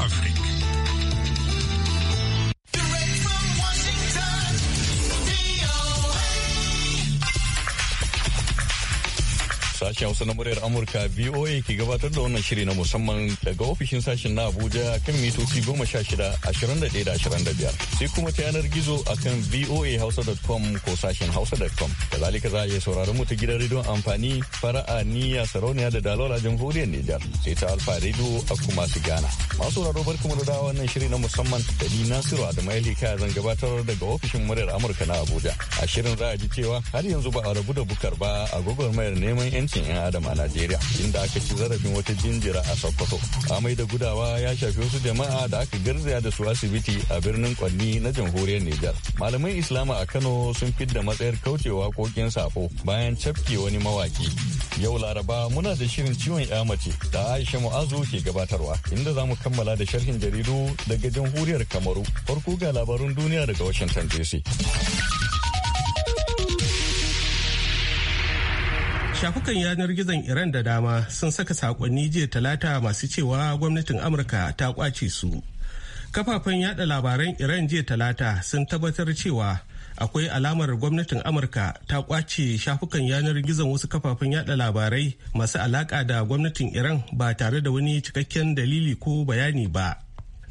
Africa. sashen Hausa na muryar Amurka VOA ke gabatar da wannan shiri na musamman daga ofishin sashen na Abuja kan mitoci 16-21-25 sai kuma ta yanar gizo a kan com ko sashen hausa.com. Kazalika za a iya sauraron mu ta gidan rediyon amfani fara'a niya sarauniya da dalola jamhuriyar Nijar sai ta alfa rediyo a kuma su Ghana. Masu sauraro bar kuma da wannan shiri na musamman da ni Nasiru Adamu Elika zan gabatar daga ofishin muryar Amurka na Abuja. A shirin za a ji cewa har yanzu ba a rabu da bukar ba a mayar neman 'yancin 'yan adam a Najeriya inda aka ci zarafin wata jinjira a Sokoto. Amai da gudawa ya shafi wasu jama'a da aka garzaya da su asibiti a birnin Kwanni na jamhuriyar Nijar. malamai Islama a Kano sun fidda matsayar kaucewa kokin safo bayan cafke wani mawaki. Yau Laraba muna da shirin ciwon ya mace da Aisha Mu'azu ke gabatarwa inda za mu kammala da sharhin jaridu daga jamhuriyar Kamaru. Farko ga labarun duniya daga Washington DC. shafukan yanar gizon iran da dama sun saka sakonni jiya talata masu cewa gwamnatin amurka ta kwace su kafafen yada labaran iran jiya talata sun tabbatar cewa akwai alamar gwamnatin amurka ta kwace shafukan yanar gizon wasu kafafen yada labarai masu alaka da gwamnatin iran ba tare da wani cikakken dalili ko bayani ba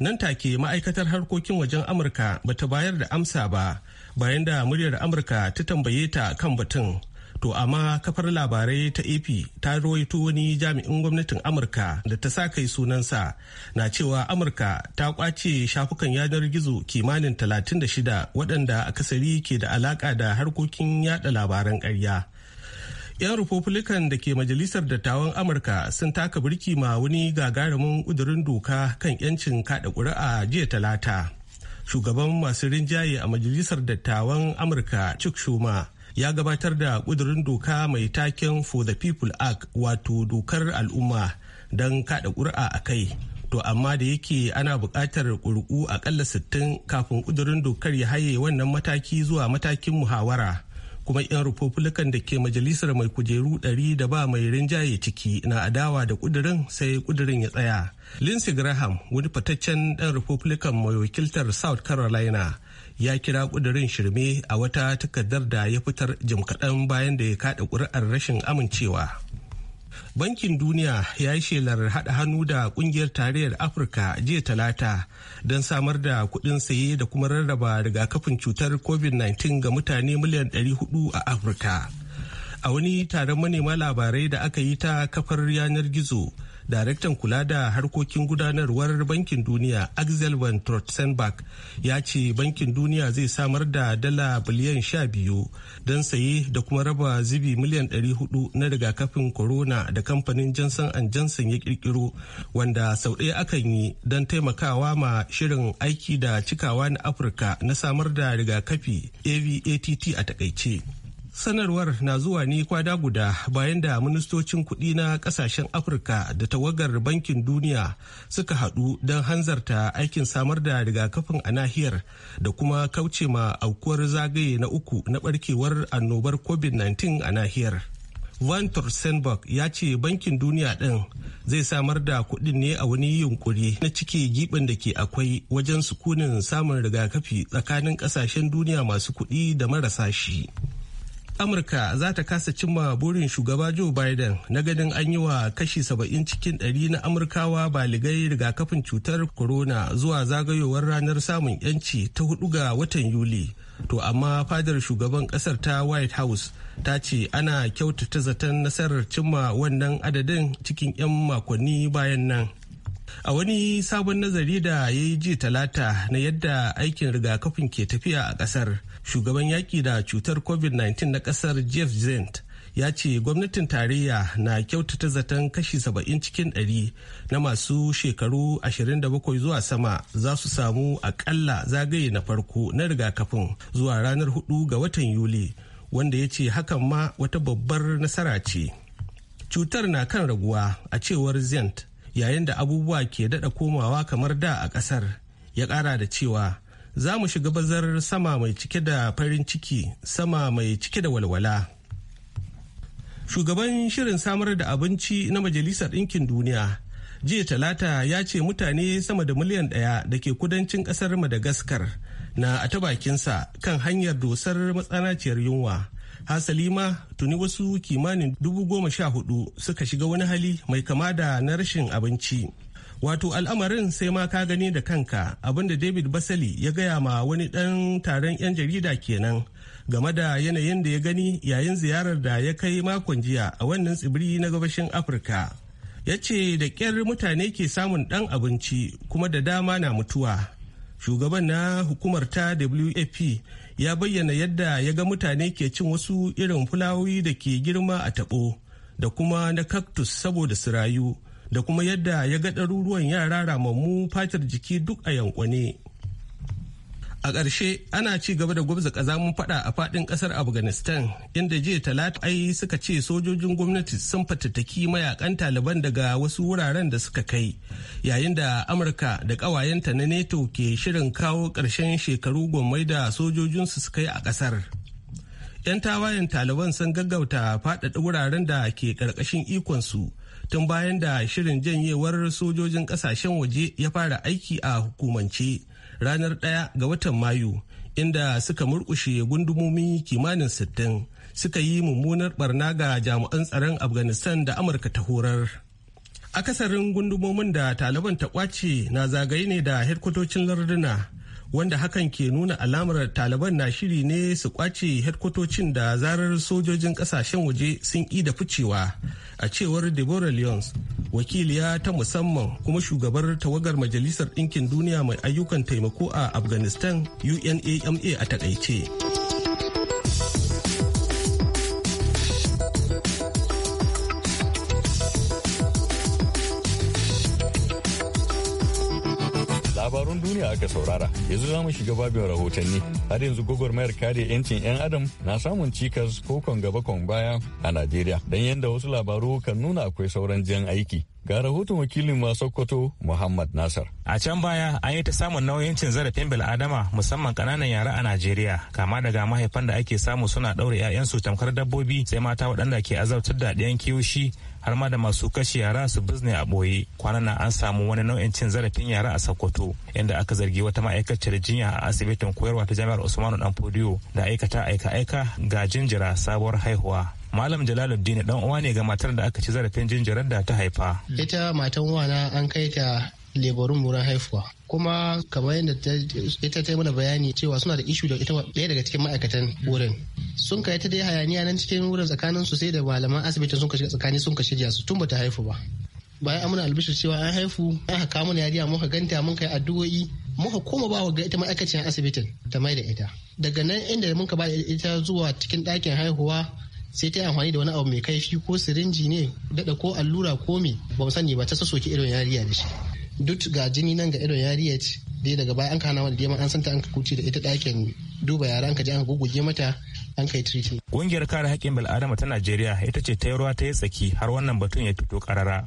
nan take ma'aikatar harkokin wajen amurka bata bayar da amsa ba bayan da muryar amurka ta tambaye ta kan batun To amma kafar labarai ta AP ta rawaito wani jami'in gwamnatin Amurka da ta sa kai sunansa na cewa Amurka ta kwace shafukan yanar gizo kimanin 36 waɗanda akasari ke da alaƙa da harkokin yada labaran ƙarya. 'Yan Republican da ke Majalisar Dattawan Amurka sun taka birki ma wani gagarumin ƙudurin doka kan 'yancin kaɗa ƙuri'a jiya talata. Shugaban masu rinjaye a Majalisar Dattawan Amurka Chuck Schumer ya gabatar da kudurin doka mai taken for the people act wato dokar al'umma don kada ƙuri'a a kai to amma da yake ana buƙatar ƙuri'u aƙalla sittin kafin kudurin dokar ya haye wannan mataki zuwa matakin muhawara kuma 'yan republican da ke majalisar mai kujeru 100 da ba mai rinjaye ciki na adawa da kudurin sai kudurin ya tsaya lindsey graham wani fataccen dan republican mai wakiltar south carolina ya kira kudirin shirme a wata takardar da ya fitar jim kaɗan bayan da ya kaɗa ƙuri'ar rashin amincewa. Bankin Duniya ya yi shelar haɗa hannu da ƙungiyar tarayyar Afirka jiya talata don samar da kuɗin saye da kuma rarraba rigakafin cutar COVID-19 ga mutane miliyan 400 a Afirka. A wani taron manema labarai da aka yi ta kafar yanar gizo. daraktan kula da harkokin gudanarwar bankin duniya axel van trotzenberg ya ce bankin duniya zai samar da dala biliyan sha biyu don saye da kuma raba zibi miliyan 400 na rigakafin corona da kamfanin johnson johnson ya kirkiro wanda sau ɗaya akan yi don taimakawa ma shirin aiki da cikawa na afirka na samar da rigakafi avatt a takaice Sanarwar na zuwa ne kwada guda bayan da ministocin kuɗi na ƙasashen Afirka da tawagar Bankin Duniya suka haɗu don hanzarta aikin samar da rigakafin a nahiyar da kuma kauce ma aukuwar zagaye na uku na ɓarkewar annobar COVID-19 a nahiyar. Van Torsenberg ya ce Bankin Duniya ɗin zai samar da kuɗin ne a wani yunkuri na cike giɓin da ke akwai wajen sukunin samun rigakafi tsakanin ƙasashen duniya masu kuɗi da marasa shi. amurka za ta kasa cimma burin shugaba joe biden na ganin an yi wa kashi 70 cikin 100 na amurkawa baligai rigakafin cutar corona zuwa zagayowar ranar samun yanci ta hudu ga watan yuli to amma fadar shugaban kasar ta white house ta ce ana kyautata zaton nasarar cimma wannan adadin cikin 'yan makonni bayan nan a wani sabon nazari da ya yi ji talata na yadda aikin rigakafin ke tafiya a kasar shugaban yaƙi da cutar covid-19 na ƙasar jeff zent ya ce gwamnatin tarayya na kyautata zaton kashi 70 cikin 100 na masu shekaru 27 zuwa sama za su samu akalla zagaye na farko na rigakafin zuwa ranar 4 ga watan yuli wanda ya ce hakan ma wata babbar nasara ce cutar na kan raguwa a cewar zent yayin da abubuwa ke dada komawa kamar da a ƙasar ya kara da cewa za mu shiga bazar sama mai cike da farin ciki sama mai cike da walwala shugaban shirin samar da abinci na majalisar ɗinkin duniya jiya talata ya ce mutane sama da miliyan ɗaya da ke kudancin ƙasar madagaskar na a ta bakinsa kan hanyar dosar matsanaciyar yunwa hasali ma tuni wasu kimanin dubu goma sha hudu suka shiga wani hali mai kama da na rashin abinci wato al'amarin sai ma ka gani da kanka abinda david basali ya gaya ma wani ɗan taron 'yan jarida kenan game da yanayin da ya gani yayin ziyarar da ya kai makon jiya a wannan tsibiri na gabashin afirka ya ce da ƙyar mutane ke samun ɗan abinci kuma da dama na mutuwa shugaban na hukumar ta wap ya bayyana yadda ya ga mutane ke cin wasu irin fulawoyi da ke girma a taɓo da kuma na cactus saboda su rayu da kuma yadda ya ga ɗaruruwan yara ramammu fatar jiki duk a yankwane. A ƙarshe ana ci gaba da gwabza ƙazamin faɗa a faɗin ƙasar Afghanistan inda jiya talata ai suka ce sojojin gwamnati sun fatattaki mayakan Taliban daga wasu wuraren da suka kai yayin da Amurka da ƙawayenta na NATO ke shirin kawo ƙarshen shekaru gwammai da sojojinsu suka yi a ƙasar. 'Yan tawayen Taliban sun gaggauta faɗaɗa wuraren da ke ƙarƙashin ikonsu tun bayan da shirin janyewar sojojin kasashen waje ya fara aiki a hukumance ranar ɗaya ga watan mayu inda suka murkushe gundumomi kimanin sittin suka yi mummunar barna ga jami'an tsaron afghanistan da amurka ta horar akasarin gundumomin da taliban ta kwace na zagaye ne da hedkwatocin larduna wanda hakan ke nuna alamar taliban na shiri ne su kwace hedkwatocin da zarar sojojin kasashen waje sun da ficewa a cewar deborah lyons wakiliya ta musamman kuma shugabar tawagar majalisar ɗinkin duniya mai ayyukan taimako a afghanistan unama a takaice. aka saurara yanzu za mu shiga babin rahotanni har yanzu gwagwarmayar kare 'yancin 'yan adam na samun cikas ko kon gaba kon baya a najeriya don yadda wasu labaru kan nuna akwai sauran jan aiki ga rahoton wakilin sokoto muhammad nasar a can baya an yi ta samun nauyin cin zarafin bil'adama musamman kananan yara a najeriya kama daga mahaifan da ake samu suna ɗaure 'ya'yansu tamkar dabbobi sai mata waɗanda ke azabtar da ɗayan kiyoshi har ma da masu kashe yara su bizne a ɓoye kwana na an samu wani nau'in cin zarafin yara a sokoto inda aka zargi wata ma'aikaciyar jinya a asibitin koyarwa ta jami'ar usmanu dan podiyo da aikata aika-aika ga jinjira sabuwar haihuwa Malam Jalaluddin dan uwa ne ga matar da aka ci zarafin jinjirar da ta haifa. Ita matan uwana an kai ta lebarun wurin haifuwa kuma kamar yadda ita ta yi mana bayani cewa suna da ishu da ita ɗaya daga cikin ma'aikatan wurin sun kai ta dai hayaniya nan cikin wurin tsakanin su sai da malaman asibitin sun kashe tsakani sun kashe jiya su tun bata haifu ba bayan amina albishir cewa an haifu an haka mana yariya muka ganta mun kai addu'o'i muka koma ba ga ita ma'aikaciyar asibitin ta mai da ita daga nan inda muka ba ita zuwa cikin ɗakin haihuwa sai ta yi amfani da wani abu mai kaifi ko sirinji ne dada ko allura ko me ba mu sani ba ta soke irin yariya da shi duk ga jini nan ga ido yariya ce dai daga baya an kana wani dai an santa an ka kuce da ita ɗakin duba yara an ka je an gogoge mata an kai treatment. Ƙungiyar kare haƙƙin bil'adama ta Najeriya ita ce ta ruwa ta yi tsaki har wannan batun ya fito ƙarara.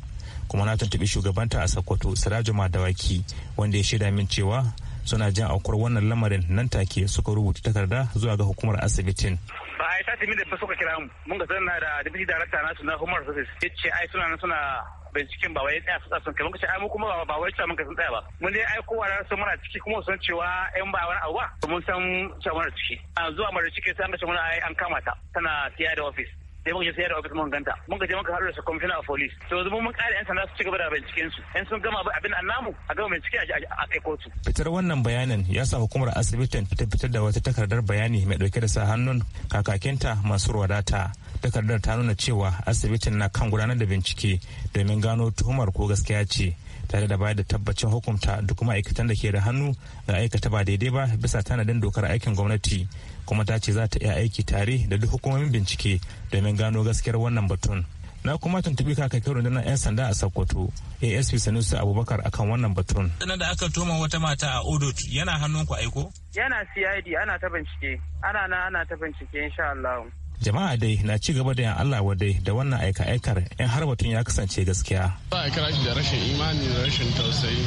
Kuma na tuntuɓi shugabanta a Sokoto ma Madawaki wanda ya shaida min cewa suna jin aukuwar wannan lamarin nan take suka rubuta takarda zuwa ga hukumar asibitin. Ba a yi sati min da suka kira mu mun ga zanna da dibiti darakta nasu na Human Services ya ce ai suna suna binciken ba wai tsaya su tsasan kai muka ce ai mu kuma ba wai cewa muka san tsaya ba mun dai ai kowa ran san muna ciki kuma san cewa in ba wani abu ba mun san cewa muna ciki a zuwa mara ciki sai an ga cewa ai an kama ta tana siya da office sai muka sayar sai da office mun ganta mun je muka haɗu da commissioner a folis to yanzu mun ƙara yan sanda su ci da binciken su in sun gama abin annamu a gama bincike a kai kotu fitar wannan bayanin ya sa hukumar asibitin ta fitar da wata takardar bayani mai dauke da sa hannun kakakinta masu wadata takardar ta nuna cewa asibitin na kan gudanar da bincike domin gano tuhumar ko gaskiya ce tare da bayar da tabbacin hukunta duk ma'aikatan da ke da hannu ga aikata ba daidai ba bisa tanadin dokar aikin gwamnati kuma ta ce za ta iya aiki tare da duk hukumomin bincike domin gano gaskiyar wannan batun na kuma tuntubi kakakin rundunar 'yan sanda a sokoto asp sanusi abubakar akan wannan batun Ina da aka toma wata mata a odot yana hannun ku aiko yana cid ana ta bincike ana na ana ta bincike insha allah jama'a dai na ci gaba da yan Allah wadai da wannan aika-aikar yan har mutum ya kasance gaskiya. Za a kira da rashin imani da rashin tausayi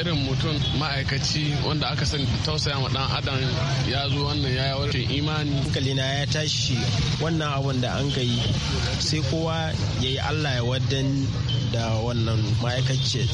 irin mutum ma'aikaci wanda aka sani tausaya ma dan adam ya zo wannan ya yawar imani. na ya tashi wannan abun da an gayi sai kowa ya yi Allah ya wadan da wannan ma'aikaciyar.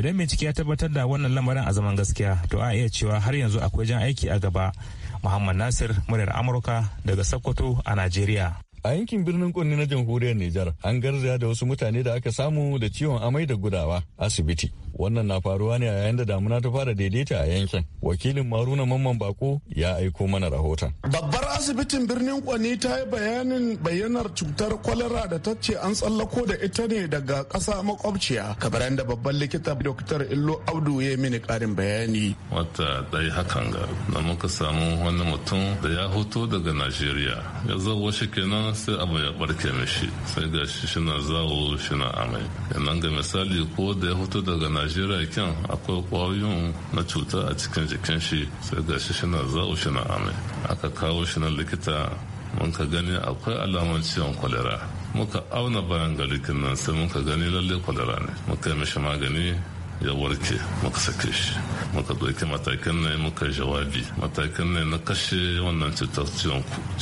Idan bincike ya tabbatar da wannan lamarin a zaman gaskiya to a iya cewa har yanzu akwai jan aiki a gaba Muhammad Nasir muryar Amurka daga Sokoto a Najeriya. a yankin birnin Kunni na jamhuriyar Nijar an garzaya da wasu mutane da aka samu da ciwon amai da gudawa asibiti Wannan na faruwa ne a yayin da damuna ta fara daidaita a yankin. Wakilin Maruna Mamman Bako ya aiko mana rahoton. Babbar asibitin birnin Kwani ta yi bayanin bayyanar cutar kwalara da ta ce an tsallako da ita ne daga ƙasa makwabciya. Kamar yadda babban likita Dr. Illo audu ya mini ƙarin bayani. Wata dai hakan ga na muka samu wani mutum da ya hoto daga Najeriya. Ya zo shi kenan sai abu ya barke mishi. Sai ga shi shina zawo shina amai. yanan ga misali ko da ya hoto daga Najeriya najeriya kyan akwai kwayoyin na cuta a cikin jikin shi sai ga shi shina zawo shina amai aka kawo shi na likita mun ka gani akwai alamar ciwon kwalera muka auna bayan garikin nan sai muka gani lalle kwalera ne muka yi mishi magani ya warke muka sake shi muka ɗauki matakin ne muka jawabi matakin ne na kashe wannan cutar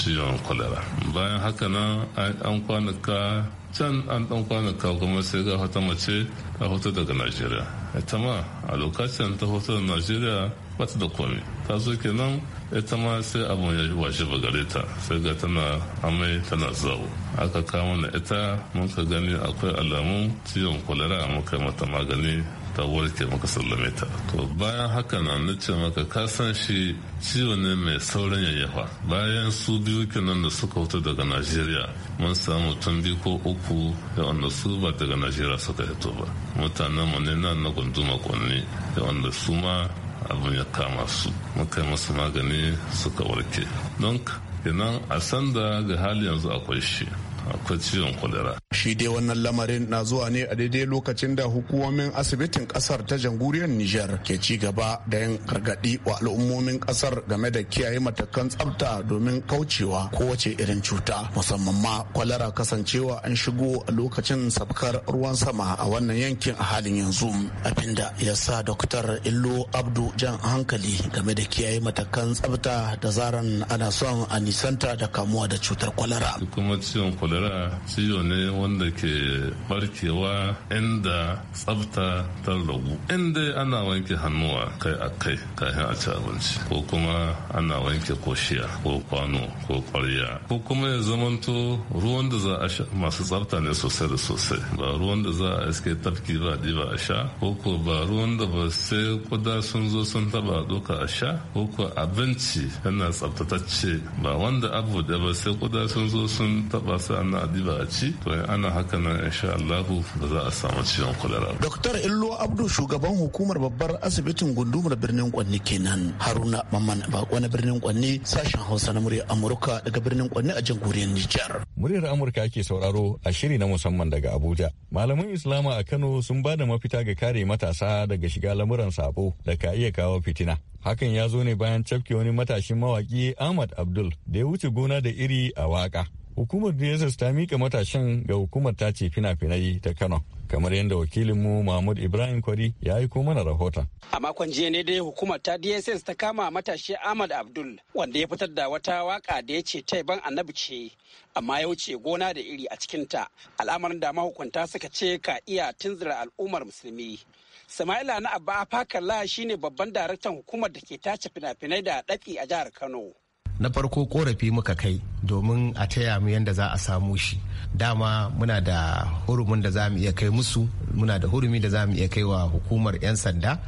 ciwon kwalera bayan haka nan an kwanaka can an dan kwanaka kuma sai ga wata mace ta hoto daga najeriya ita ma a lokacin ta hoto da najeriya ba da komi ta zo kenan ita ma sai abu ya washe ba gare ta sai ga tana amai tana zawo aka kawo na ita mun ka gani akwai alamun ciwon kwalara muka mata magani ta warke maka sallame ta to bayan haka na na ce maka ka san shi ciwo ne mai sauran yayyafa bayan su biyu kenan da suka fito daga najeriya mun samu tun biyu ko uku da wanda su ba daga najeriya suka fito ba mutanen mu ne na na gunduma kwanne da wanda su ma abin ya kama su muka masu magani suka warke don kenan a sanda ga hali yanzu akwai shi akwai ciwon kwalera. Shi dai wannan lamarin na zuwa ne a daidai lokacin da hukumomin asibitin kasar ta jamhuriyar Nijar ke ci gaba da yin gargaɗi wa al'ummomin kasar game da kiyaye matakan tsafta domin kaucewa kowace irin cuta musamman ma kwalara kasancewa an shigo a lokacin sabkar ruwan sama a wannan yankin a halin yanzu abinda ya sa Dr. Illo Abdu jan hankali game da kiyaye matakan tsafta da zaran ana son a nisanta da kamuwa da cutar kwalera. kwalara shekara ciwo ne wanda ke barkewa inda tsafta ta ragu inda ana wanke hannuwa kai a kai kafin a ci abinci ko kuma ana wanke koshiya ko kwano ko kwarya ko kuma ya zamanto ruwan da za a sha masu tsafta ne sosai da sosai ba ruwan da za a iske tafki ba ba a sha ko ko ba ruwan da ba sai kuda sun zo sun taba doka a sha ko ko abinci yana tsaftatacce ba wanda abu da ba sai kuda sun zo sun taba sa ana diba a ci to ana haka nan insha Allah ba za a samu ciwon kwalara ba. Dr. Illo Abdu shugaban hukumar babbar asibitin gundumar birnin Kwanni kenan Haruna Mamman Bako na birnin Kwanni sashen Hausa na muryar Amurka daga birnin Kwanni a jamhuriyar Nijar. Muryar Amurka ake sauraro a shiri na musamman daga Abuja. Malaman Islama a Kano sun ba da mafita ga kare matasa daga shiga lamuran sabo da ka iya kawo fitina. Hakan ya zo ne bayan cafke wani matashin mawaki Ahmad Abdul da ya wuce gona da iri a waka. hukumar DSS ta mika matashin ga hukumar ta ce fina-finai ta Kano. kamar yadda wakilinmu Mahmud Ibrahim Kwari ya yi ko mana rahoton. A makon jiya ne dai hukumar ta DSS ta kama matashi Ahmad Abdul wanda ya fitar da wata waka da ya ce taiban annabi ce amma ya wuce gona da iri a cikinta al'amarin da mahukunta suka ce ka iya tunzura al'ummar musulmi. Sama'ila na Abba a fakar shine babban daraktan hukumar da ke tace fina-finai da ɗafi a jihar Kano. na farko korafi muka kai domin a taya mu yadda za a samu shi dama muna da hurumin da za mu iya kai musu muna da hurumi da za mu iya kai wa hukumar 'yan sanda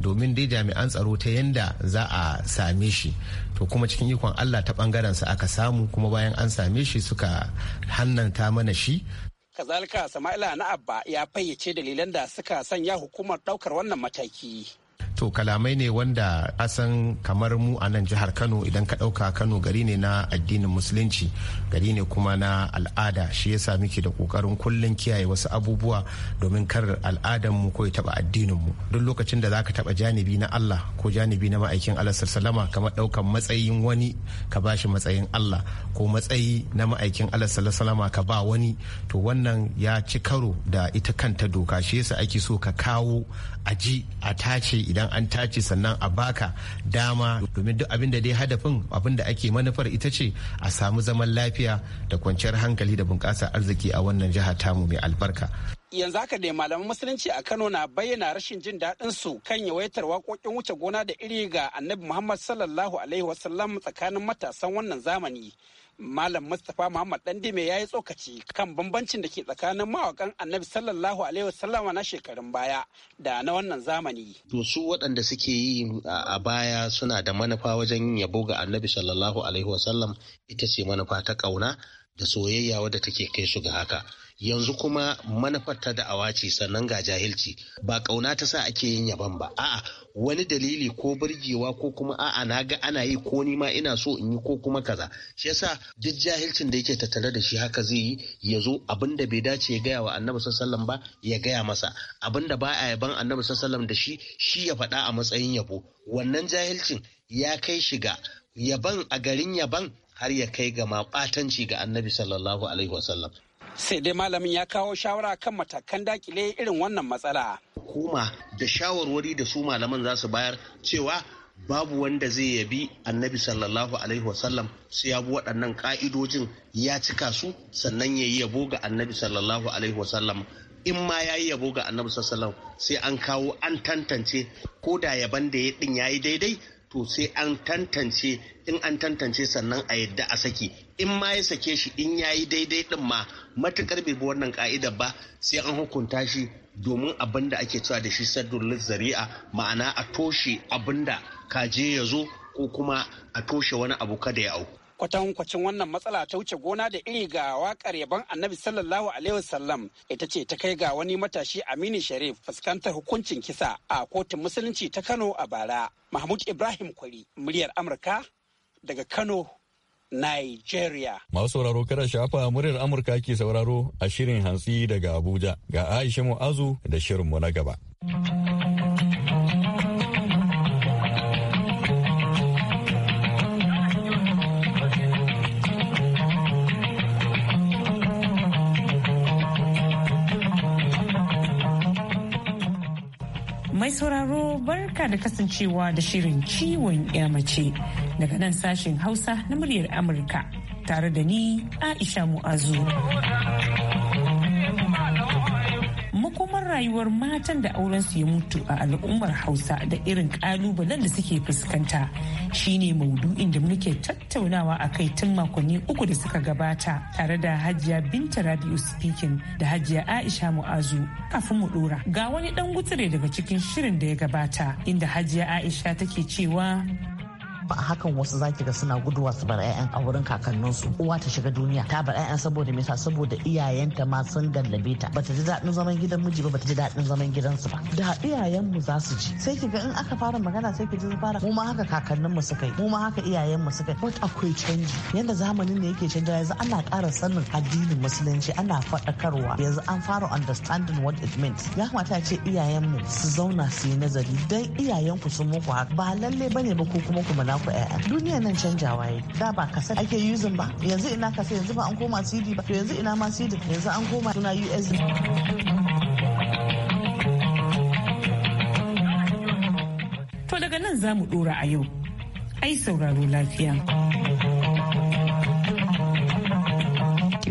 domin dai jami'an tsaro ta yadda za a same shi to kuma cikin ikon allah ta bangaren sa aka samu kuma bayan an same shi suka hannanta mana shi kazalika sama'ila na abba ya fayyace dalilan da suka sanya hukumar daukar wannan mataki to kalamai ne wanda asan kamar mu a nan jihar kano idan ka ɗauka kano gari ne na addinin musulunci gari ne kuma na al'ada shi yasa muke da kokarin kullum kiyaye wasu abubuwa domin kar al'adar mu ko ya taɓa addinin mu duk lokacin da zaka taba janibi na Allah ko janibi na ma'aikin Allah sallallahu kamar ɗaukan matsayin wani ka bashi matsayin Allah ko matsayi na ma'aikin Allah ka ba wani to wannan ya ci karo da ita kanta doka shi yasa ake so ka kawo a ji a tace idan an tace sannan a baka dama domin duk abin da dai hadafin abin da ake manufar ita ce a samu zaman lafiya da kwanciyar hankali da bunƙasa arziki a wannan jiha tamu mai albarka yanzu haka dai malaman musulunci a Kano na bayyana rashin jin daɗin su kan yawaitar waƙoƙin wuce gona da iri ga Annabi Muhammad sallallahu alaihi wasallam tsakanin matasan wannan zamani. Malam Mustapha Muhammad Dandime ya yi tsokaci kan bambancin da ke tsakanin mawakan Annabi sallallahu alaihi wasallam na shekarun baya da na wannan zamani. To su waɗanda suke yi a baya suna da manufa wajen yabo ga Annabi sallallahu alaihi wasallam ita ce manufa ta ƙauna da soyayya wadda take kai su ga haka. yanzu kuma manufar ta da'awa ce sannan ga jahilci ba kauna ta sa ake yin yaban ba a'a wani dalili ko birgewa ko kuma a'a na ga ana yi ko ni ma ina so in yi ko kuma kaza shi yasa duk jahilcin da yake tattare da shi haka zai yi ya zo abin da bai dace ya gaya wa annabi sallallahu ba ya gaya masa abin da ba a yaban annabi sallallahu da shi shi ya faɗa a matsayin yabo wannan jahilcin ya kai shiga yaban a garin yaban har ya kai ga ma ga annabi sallallahu alaihi wasallam sai dai malamin ya kawo shawara kan matakan dakile irin wannan matsala hukuma da shawarwari da su malaman za su bayar cewa babu wanda zai yabi annabi sallallahu alaihi wasallam sai ya bi waɗannan ƙa'idojin ya cika su sannan ya yi yabo ga annabi sallallahu alaihi wasallam in ma ya yi yabo ga annabi sallallahu sai an kawo an tantance ko da yaban da ya ɗin ya yi daidai to sai an tantance in an tantance sannan a yadda a saki in ma ya sake shi in ya yi daidai din ma matukar bai bi wannan ka'idar ba sai an hukunta shi domin abin da ake cewa da shi saddun zari'a ma'ana a toshe abin da kaje ya zo ko kuma a toshe wani abu kada ya auku kwatankwacin wannan matsala ta wuce gona da iri ga wakar yaban annabi sallallahu alaihi wasallam ita ce ta kai ga wani matashi aminu sharif fuskantar hukuncin kisa a kotun musulunci ta kano a bara mahmud ibrahim kwari muryar amurka daga kano Nigeria. Masu sauraro kada shafa muryar Amurka ke sauraro a shirin hantsi daga Abuja ga Aisha Mu'azu da shirin mu na gaba. sauraro barka da kasancewa da shirin ciwon mace daga nan sashen hausa na muryar amurka tare da ni aisha mu'azu. rayuwar matan da aurensu ya mutu a al'ummar hausa da irin kalubalen da suke fuskanta shine maudu'in da muke tattaunawa a kai tun makonni uku da suka gabata tare da hajiya binta radio speaking da hajiya aisha mu'azu kafin mu dora ga wani dan gutsire daga cikin shirin da ya gabata inda hajiya aisha take cewa fa a hakan wasu ki ga suna guduwa su bar 'ya'yan a wurin kakanninsu uwa ta shiga duniya ta bar 'ya'yan saboda me saboda iyayenta ma sun gallabe ta bata ji daɗin zaman gidan miji ba bata ji daɗin zaman gidansu ba da iyayen mu za su ji sai kiga in aka fara magana sai ki ji fara mu ma haka kakannin mu suka yi mu ma haka iyayen mu suka yi but akwai canji yanda zamanin ne yake canja yanzu ana ƙara sanin addinin musulunci ana faɗakarwa yanzu an fara understanding what it means ya kamata ce iyayen mu su zauna su yi nazari dan iyayen ku sun muku haka ba lalle bane ba ko kuma ku mana ku ƴaƴa duniya nan canjawa yi da ba kasa ake yuzin ba yanzu ina kasa yanzu ba an koma cd ba to yanzu ina ma cd yanzu an koma suna usb to daga nan za mu ɗora a yau ai sauraro lafiya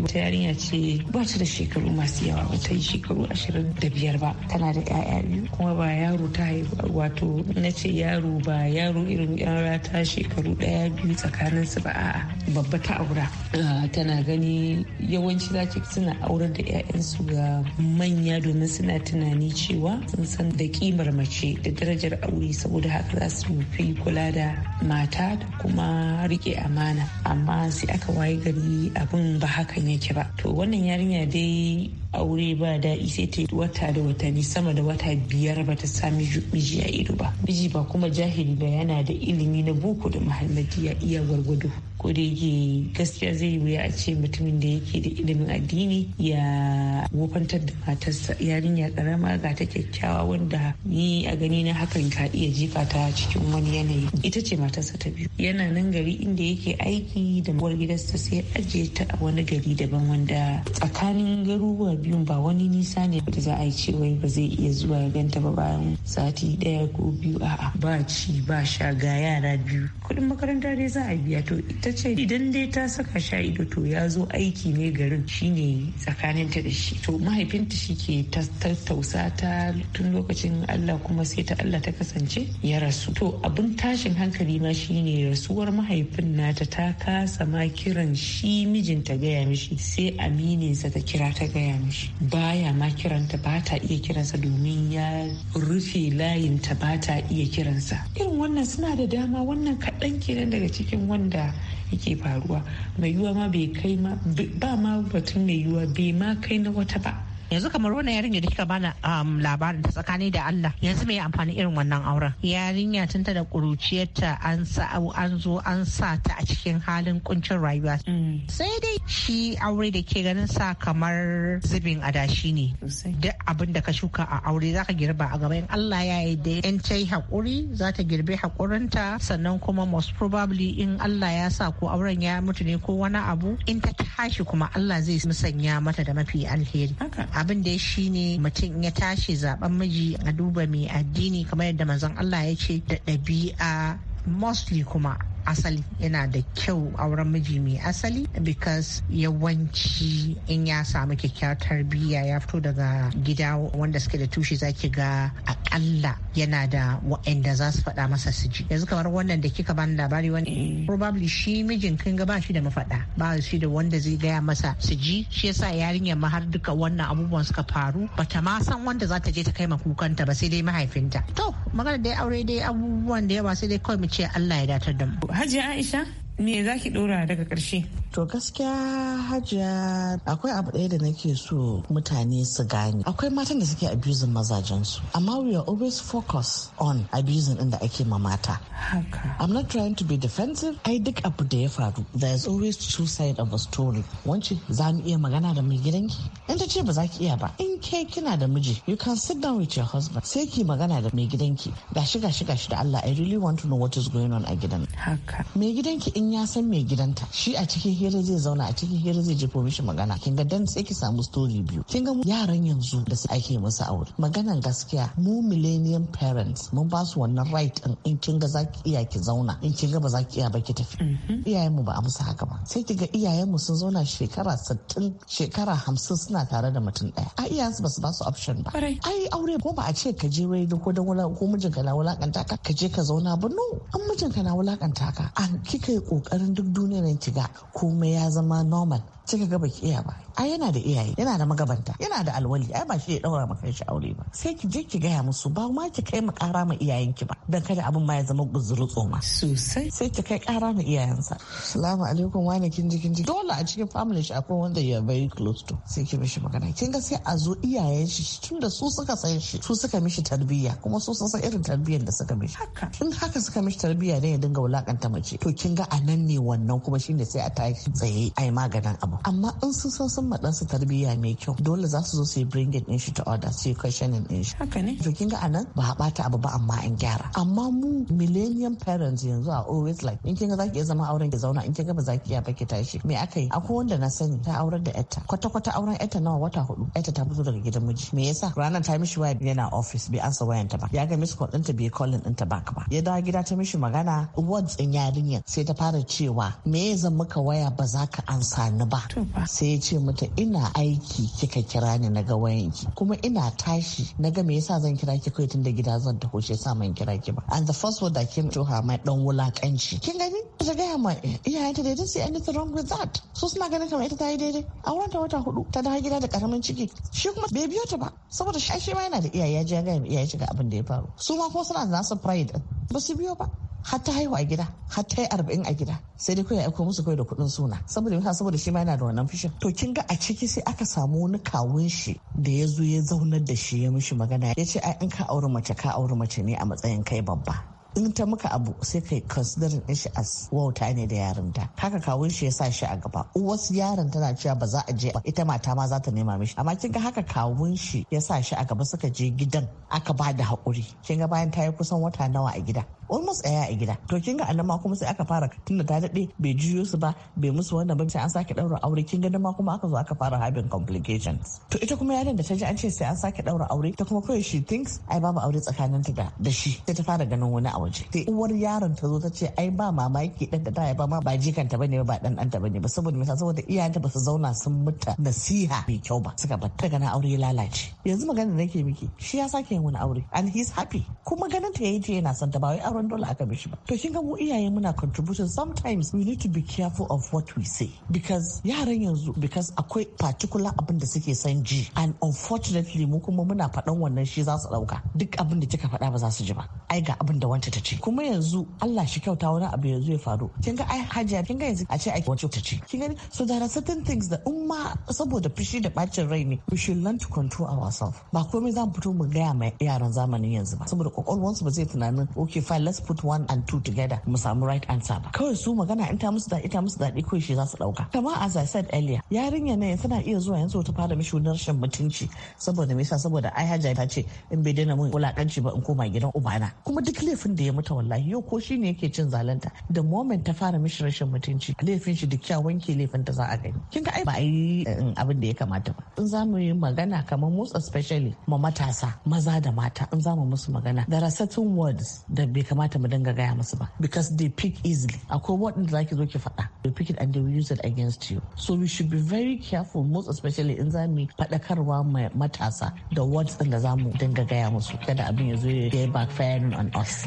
ciki wata yarinya ce ba ta da shekaru masu yawa ba ta yi shekaru ashirin da biyar ba tana da ƴaƴa biyu kuma ba yaro ta haihu wato na ce yaro ba yaro irin yan rata shekaru ɗaya biyu tsakanin su ba a'a babba ta aura ah, tana gani yawanci za suna aurar da 'ya'yansu ga manya domin suna tunani cewa sun san da kimar mace da darajar aure saboda haka za su fi kula da mata da kuma riƙe amana amma sai aka waye gari abin ba hakan yake ba to wannan yarinya dai aure ba daɗi sai ta wata da watanni sama da wata biyar ba ta sami miji a ido ba miji ba kuma jahili ba yana da ilimi na boko da muhammadiya iya gwargwado ko da yake gaskiya zai wuya a ce mutumin da yake da ilimin addini ya wofantar da matarsa yarinya karama ga ta kyakkyawa wanda ni a gani na hakan ka iya jefa ta cikin wani yanayi ita ce matarsa ta biyu yana nan gari inda yake aiki da uwar gidansa sai ajiye ta a wani gari daban wanda tsakanin garuruwa biyu ba wani nisa ne da za a yi wai ba zai iya zuwa ya ganta ba bayan sati daya ko biyu a'a ba ci ba sha ga yara biyu kuɗin makaranta dai za a biya to ita ta ce idan dai ta saka sha ido to ya zo aiki ne garin shine tsakanin ta da shi to mahaifinta shi ke tattausa ta tun lokacin Allah kuma sai ta Allah ta kasance ya rasu to abin tashin hankali ma shine rasuwar mahaifin nata ta kasa ma kiran shi mijinta gaya mishi sai amininsa ta kira ta gaya mishi baya ma kiranta ba ta iya kiransa domin ya rufe layinta ba ta iya kiransa irin wannan suna da dama wannan kaɗan kenan daga cikin wanda yake faruwa mai yiwuwa ma bai kai ma ba ma batun mai yiwuwa bai ma kai na wata ba yanzu kamar wannan yarinya da kika bani um, labarin ta tsakani da Allah yanzu mai amfani irin wannan auren yarinya tun da kuruciyarta an sa an zo an sa ta a cikin halin kuncin rayuwa mm. sai dai shi aure da ke ganin sa kamar zubin adashi ne duk abin da ka shuka a aure zaka girba a gaban Allah ya yi da yan tai hakuri za ta girbe hakurinta sannan kuma most probably in Allah ya sa ko auren ya mutu ne ko wani abu in ta tashi kuma Allah zai musanya mata da mafi alheri abin da shi ne mutum ya tashi zaben miji a duba mai addini kamar yadda manzon Allah ya ce da ɗabi'a mostly kuma asali yana da kyau auren miji mai asali because yawanci in ya samu kyakkyawar tarbiyya ya fito daga gida wanda suke da tushe zaki ga akalla yana da wa'anda za su faɗa masa su ji yanzu kamar wannan da kika bani labari wani probably shi mijin kin ga ba shi da mafaɗa ba shi da wanda zai gaya masa su ji shi yasa yarinyar ma har duka wannan abubuwan suka faru bata ma san wanda za ta je ta kai ma kukanta ba sai dai mahaifinta to magana dai aure dai abubuwan da yawa sai dai kawai ce Allah ya datar da mu. Hajiya Aisha me za ki dora daga ƙarshe? To gaskiya hajiya akwai abu ɗaya da nake so mutane su gane. Akwai matan da suke abusing mazajensu. Amma we are always focus on abusing ɗin da ake ma mata. Haka. I'm not trying to be defensive. Ai duk abu da ya faru. There is always two sides of a story. Wance za mu iya magana da mai gidanki? In ta ce ba za ki iya ba. In ke kina da miji, you can sit down with your husband. Sai ki magana da mai gidanki. Gashi gashi gashi da Allah I really want to know what is going on a gidan. Haka. Mai gidanki in ya san mai gidanta. Shi a cikin hira zai zauna a cikin hira zai jefo mishi magana kin ga dan sai ki samu story biyu kin ga yaran yanzu da su ake musu aure maganan gaskiya mu millennium parents mun ba su wannan right din in kin ga za ki iya ki zauna in kin ga ba za ki iya ba ki tafi mm-hmm. iyayen mu ba a musu haka ba sai ki ga iyayen mu sun zauna shekara 60 shekara 50 suna tare da mutum daya a iyayen su ba su ba su option ba ai aure ko ba a ce ka je wai ko dan wala ko mijinka na wulakanta ka ka je ka zauna ba no an mijinka na wulakanta ka an kika yi kokarin duk duniyar ki ga ko komai ya zama normal cika gaba ki iya ba a yana da iyaye yana da magabanta yana da alwali ai ba shi ya daura maka shi aure ba sai ki je ki gaya musu ba ma ki kai mu kara ma iyayenki ba dan kada abin ma ya zama guzuru tsoma sosai sai ki kai kara ma iyayensa assalamu alaikum wani kin ji kin ji dole a cikin family shi akwai wanda ya very close to sai ki mishi magana kin ga sai a zo iyayen shi tun da su suka san shi su suka mishi tarbiyya kuma su sun san irin tarbiyyar da suka mishi haka in haka suka mishi tarbiyya ne ya dinga wulakanta mace to kin ga anan ne wannan kuma shine sai a tayi tsaye ai maganin abu amma in sun san sun maɗan su tarbiyya mai kyau dole za su zo su yi it din shi ta order su yi questioning din shi haka ne to kin ga anan ba a bata abu ba amma an gyara amma mu millennium parents yanzu a always like in kin ga zaki iya zama auren ki zauna in kin ba ba zaki iya ba ki tashi me aka yi akwai wanda na sani ta aurar da yarta kwata kwata auren yarta nawa wata hudu yarta ta fito daga gidan miji me yasa ranar ta mishi waya yana office bai ansa ta ba ya ga miss call ɗinta bai calling ɗinta back ba ya dawo gida ta mishi magana words ɗin yarinyar sai ta fara cewa me ya zan maka waya ba za ka ansa ni ba sai ya ce mata ina aiki kika kira ni na ga wayanki kuma ina tashi na ga me yasa zan kira ki kai tun da gida zan taho shi sa man kira ki ba and the first word that came to her my dan wulakanci kin gani ta gaya ma iya ta daidai sai an ta wrong with that so suna ganin kamar ita ta yi daidai a wurin ta wata hudu ta dawo gida da karamin ciki shi kuma bai biyo ta ba saboda shi ma yana da iyaye ya ji ya iyaye shiga abin da ya faru su ma kuma suna da nasu pride ba su biyo ba har ta haihu a gida har ta yi arba'in a gida sai dai kawai aiko musu kawai da kuɗin suna saboda yasa saboda shi ma yana da wannan fushin to kin ga a ciki sai aka samu wani kawun shi da ya zo ya zaunar da shi ya mishi magana ya ce ai in ka auri mace ka auri mace ne a matsayin kai babba in ta muka abu sai kai considering shi as wauta ne da ta. haka kawun shi ya sa shi a gaba wasu yaron tana cewa ba za a je ba ita mata ma za ta nema mishi amma kin ga haka kawun shi ya sa shi a gaba suka je gidan aka ba da haƙuri kin ga bayan ta yi kusan wata nawa a gida almost ɗaya a gida to kin ga ma kuma sai aka fara tunda ta daɗe bai juyo su ba bai musu wannan ba sai an sake ɗaura aure kin ga ma kuma aka zo aka fara having complications to ita kuma yarin da ta ji an ce sai an sake ɗaura aure ta kuma kawai she thinks ai babu aure tsakaninta da shi sai ta fara ganin wani waje sai uwar yaron ta zo ta ce ai ba mamaki ɗan da ta ba ma ba jikanta bane ba ɗan ɗanta bane ba saboda me saboda iyayenta ba su zauna sun muta nasiha mai kyau ba suka bar daga na aure lalace yanzu magana da nake miki shi ya sake yin wani aure and he's happy kuma ganin ta yi ta yana son ta ba wai auren dole aka mishi ba to kin ga mu iyaye muna contribution sometimes we need to be careful of what we say because yaran yanzu because akwai particular abin da suke son ji and unfortunately mu kuma muna faɗan wannan shi za su ɗauka duk abin da kika faɗa ba za su ji ba ai ga abin da wancan ta ce kuma yanzu Allah shi kyauta wani abu yanzu ya faru kin ga ai hajiya kin ga yanzu a ce ai wacce ta ce kin gani so there are certain things da umma saboda fushi da bacin rai ne we should learn to control ourselves ba komai za mu fito mu gaya ma yaran zamanin yanzu ba saboda kwakwalwansu ba zai tunanin okay fine let's put one and two together mu samu right answer ba kawai su magana in ta musu da ita musu daɗi ko shi za su ɗauka kamar as I said earlier yarinya ne tana iya zuwa yanzu ta fara mishi wani rashin mutunci saboda me yasa saboda ai hajiya ta ce in bai daina mun wulakanci ba in koma gidan ubana kuma duk laifin da ya mata wallahi yau ko shi ne yake cin zalunta da moment ta fara mishi rashin mutunci laifin shi da kyawun ke laifin ta za a gani kin ga ai ba yi eh, abin da ya kamata ba in za mu yi magana kamar most especially ma matasa maza da mata in za mu musu magana there are certain words da bai kamata mu dinga gaya musu ba because they pick easily akwai waɗanda zaki zo ki faɗa they pick it and they will use it against you so we should be very careful most especially in za mu faɗakarwa matasa da words ɗin da za mu dinga gaya musu kada abin ya zo ya backfiring on us.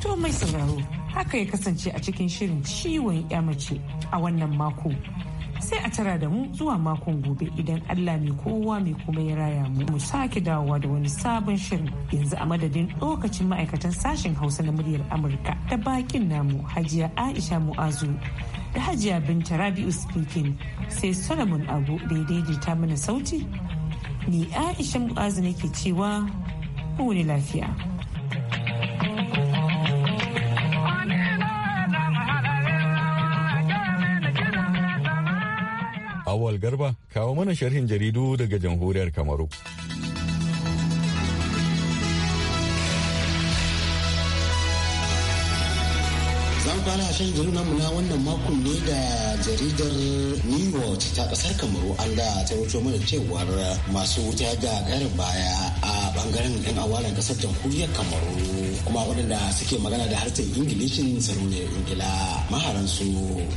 To mai sauraro haka ya kasance a cikin shirin ciwon ya mace a wannan mako. Sai a tara da mu zuwa makon gobe idan Allah mai kowa mai kuma ya raya mu mu sake dawowa da wani sabon shirin yanzu a madadin lokacin ma'aikatan sashen Hausa na muryar Amurka da bakin namu Hajiya Aisha Mu'azu da Hajiya Binta Rabi'u speaking sai Solomon Abu da ya daidaita mana sauti. Ni Aisha Mu'azu nake cewa mu ne lafiya. Awal Garba kawo mana sharhin jaridu daga jamhuriyar Kamaru. zan fara shan jirgin na wannan makon ne da jaridar new york ta kasar kamaru an da ta wuce mana cewar masu wuta da karin baya a bangaren yan awaren kasar jamhuriyar kamaru kuma waɗanda suke magana da harshen ingilishin sarauniyar ingila maharansu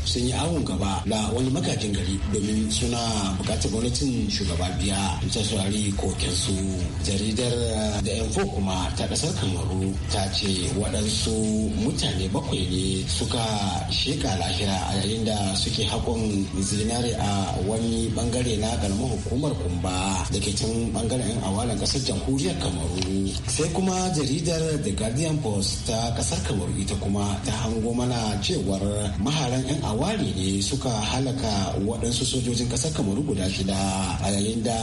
sun yi awon gaba da wani magajin gari domin suna bukatar gwamnatin shugaba biya ta saurari kokensu jaridar da yanfo kuma ta kasar kamaru ta ce waɗansu mutane bakwai ne suka sheka lahira a yayin da suke haƙon zinare a wani bangare na ƙaramin hukumar kumba da ke can bangaren yan awalan kasar jamhuriyar Come on. ne sai kuma jaridar the guardian post ta kasar kamaru ita kuma ta hango mana cewar maharan 'yan awari ne suka halaka waɗansu sojojin kasar kamaru guda shida a yayin da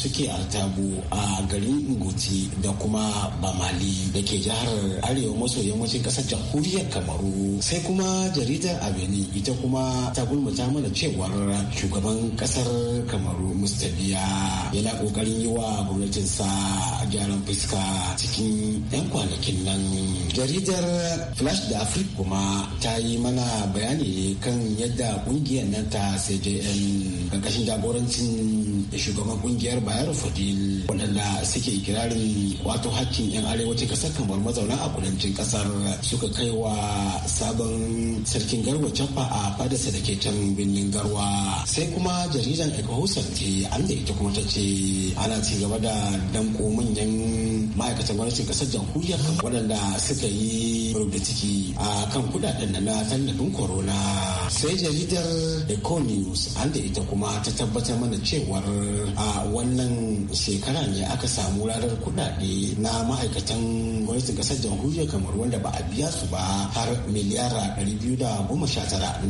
suke artabu a garin ngoti da kuma bamali da ke jihar arewa maso yammacin kasar jamhuriyar kamaru sai kuma jaridar abeni ita kuma ta gulmata mana cewar shugaban kasar kamaru mustabiya yana kokarin yi wa gwamnatinsa gyaran fuska a cikin 'yan kwanakin nan jaridar flash da afrika kuma ta yi mana bayani kan yadda kungiyar nan ta cjn kankashin jagorancin shugaban kungiyar bayar fadil waɗanda suke kirarin wato hakkin 'yan arewacin ƙasar kamar mazauna a kudancin ƙasar suka kai wa sabon sarkin garwa camfa a fadarsa da ke can birnin garwa sai kuma jaridar ekohusar ce an da ita kuma ta ce ana ci gaba da danko manyan ma'aikatan gwamnatin kasar jamhuriyar waɗanda suka yi da ciki a kan kudaden na tallafin corona sai jaridar eco news an da ita kuma ta tabbatar mana cewar a wannan shekara ne aka samu ranar kudade na ma'aikatan gwamnatin gasar jamhuriyar kamar wanda ba a biya su ba har miliyara 219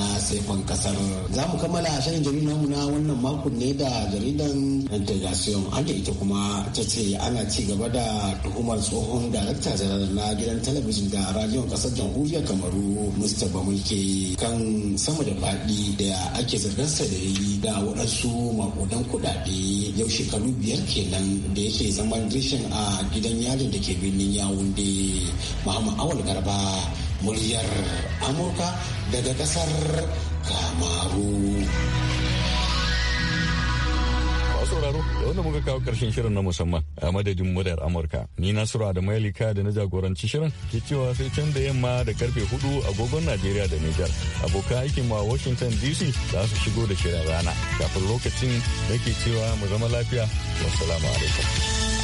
na saifan kasar za mu kammala shan jaridar mu na wannan makon ne da jaridan integration an da ita kuma ta ce ana ci gaba da tuhumar tsohon darakta na gidan talabijin da radio Firaministan ƙasar jamhuriyar Kamaru ba Mulke kan sama da faɗi da ake sa da yi da waɗansu maƙudan kuɗaɗe yau shekaru biyar kenan da yake zaman rishin a gidan yarin da ke birnin yawun da Muhammad Awal Garba muryar Amurka daga ƙasar Kamaru. sauraro da wanda muka kawo karshen shirin na musamman a madadin muryar Amurka. Ni Nasiru adamalika da na jagoranci shirin ke cewa sai can da yamma da karfe hudu agogon Najeriya da Nijar. Abokan aikin ma Washington DC za su shigo da shirin rana. Kafin lokacin da ke cewa mu zama lafiya. wasu alaikum.